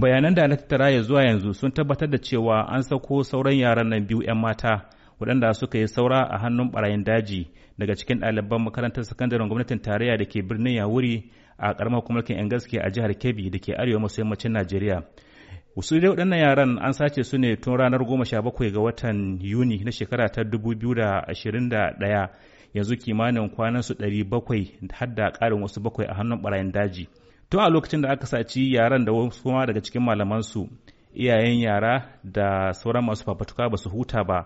bayanan da na tattara ya zuwa yanzu sun tabbatar da cewa an sako sauran yaran nan biyu 'yan mata waɗanda suka yi saura a hannun barayin daji daga cikin ɗaliban makarantar sakandaren gwamnatin tarayya da ke birnin yawuri a ƙaramar hukumarkin 'yan gaske a jihar kebbi da ke arewa maso yammacin najeriya wasu dai waɗannan yaran an sace su ne tun ranar goma sha bakwai ga watan yuni na shekara ta dubu yanzu kimanin kwanan su ɗari bakwai har ƙarin wasu bakwai a hannun barayin daji tun a lokacin da aka saci yaran da wasu kuma daga cikin malamansu iyayen yara da sauran masu fafatuka ba su huta ba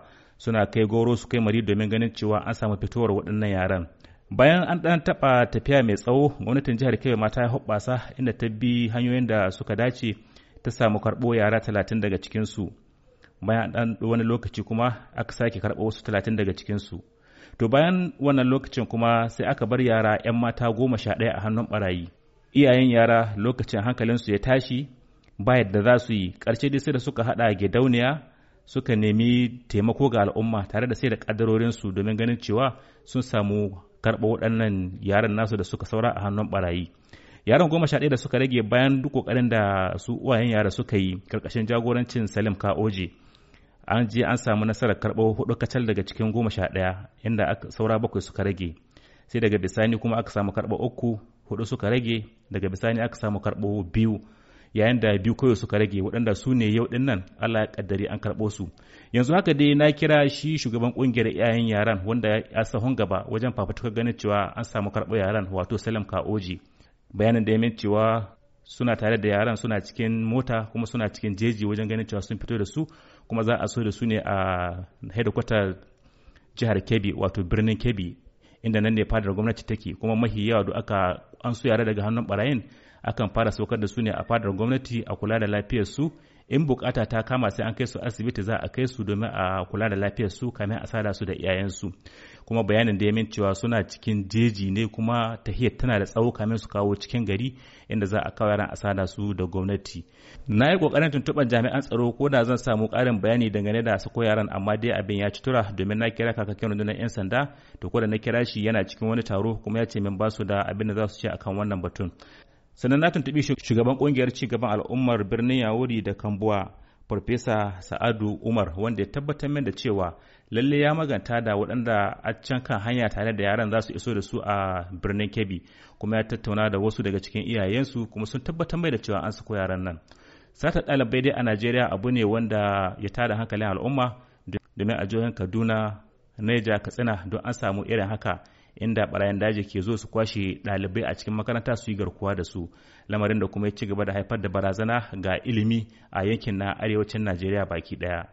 suna kai goro su kai mari domin ganin cewa an samu fitowar waɗannan yaran bayan an ɗan taɓa tafiya mai tsawo gwamnatin jihar kebbi ma ta hoɓɓasa inda ta bi hanyoyin da suka dace ta samu karɓo yara talatin daga cikinsu bayan ɗan wani lokaci kuma aka sake karɓo wasu talatin daga cikinsu to bayan wannan lokacin kuma sai aka bar yara 'yan mata goma sha ɗaya a hannun barayi. iyayen yara lokacin hankalinsu ya tashi ba yadda za su yi ƙarshe dai sai da suka haɗa gidauniya suka nemi taimako ga al'umma tare da sai da ƙaddarorinsu domin ganin cewa sun samu karɓa waɗannan yaran nasu da suka saura a hannun ɓarayi yaran goma sha ɗaya da suka rage bayan duk ƙoƙarin da su uwayen yara suka yi ƙarƙashin jagorancin salim ka'oji an je an samu nasarar karɓo hudu kacal daga cikin goma sha ɗaya inda saura bakwai suka rage sai daga bisani kuma aka samu karɓa uku hudu suka rage daga bisani aka samu karɓo biyu yayin da biyu kawai suka rage waɗanda su ne yau ɗin nan Allah ya kaddari an karɓo su yanzu haka dai na kira shi shugaban ƙungiyar iyayen yaran wanda ya sahun gaba wajen fafutukar ganin cewa an samu karɓo yaran wato salam Kaoji bayanin da ya cewa suna tare da yaran suna cikin mota kuma suna cikin jeji wajen ganin cewa sun fito da su kuma za a so da su ne a hedikwatar jihar Kebbi wato birnin Kebbi inda nan ne fadar gwamnati take kuma mahi yawa da aka an su yare daga hannun barayin akan fara saukar da su ne a fadar gwamnati a kula da lafiyar su in bukata ta kama sai an kai su asibiti za a kai su domin a kula da lafiyar su kamin a sada su da iyayensu kuma bayanin da ya min cewa suna cikin jeji ne kuma tahiyar tana da tsawo kamin su kawo cikin gari inda za a kawo yaran a sada su da gwamnati na yi kokarin tuntuɓar jami'an tsaro ko da zan samu ƙarin bayani dangane da sako yaran amma dai abin ya ci tura domin na kira kakakin rundunar 'yan sanda to ko da na kira shi yana cikin wani taro kuma ya ce min ba su da abin da za su ce akan wannan batun sannan na tuntubi shugaban kungiyar gaban al'ummar birnin yawuri da kambuwa farfesa sa'adu umar wanda ya tabbatar min da cewa lalle ya maganta da waɗanda a can kan hanya tare da yaran za su iso da su a birnin kebbi kuma ya tattauna da wasu daga cikin iyayensu kuma sun tabbatar mai da cewa an sako yaran nan sata ɗalibai dai a najeriya abu ne wanda ya tada hankalin al'umma domin a jihohin kaduna Niger Katsina don an samu irin haka inda barayan daji ke zo su kwashe ɗalibai a cikin makaranta su yi garkuwa da su lamarin da kuma ya ci gaba da haifar da barazana ga ilimi a yankin na arewacin najeriya baki ɗaya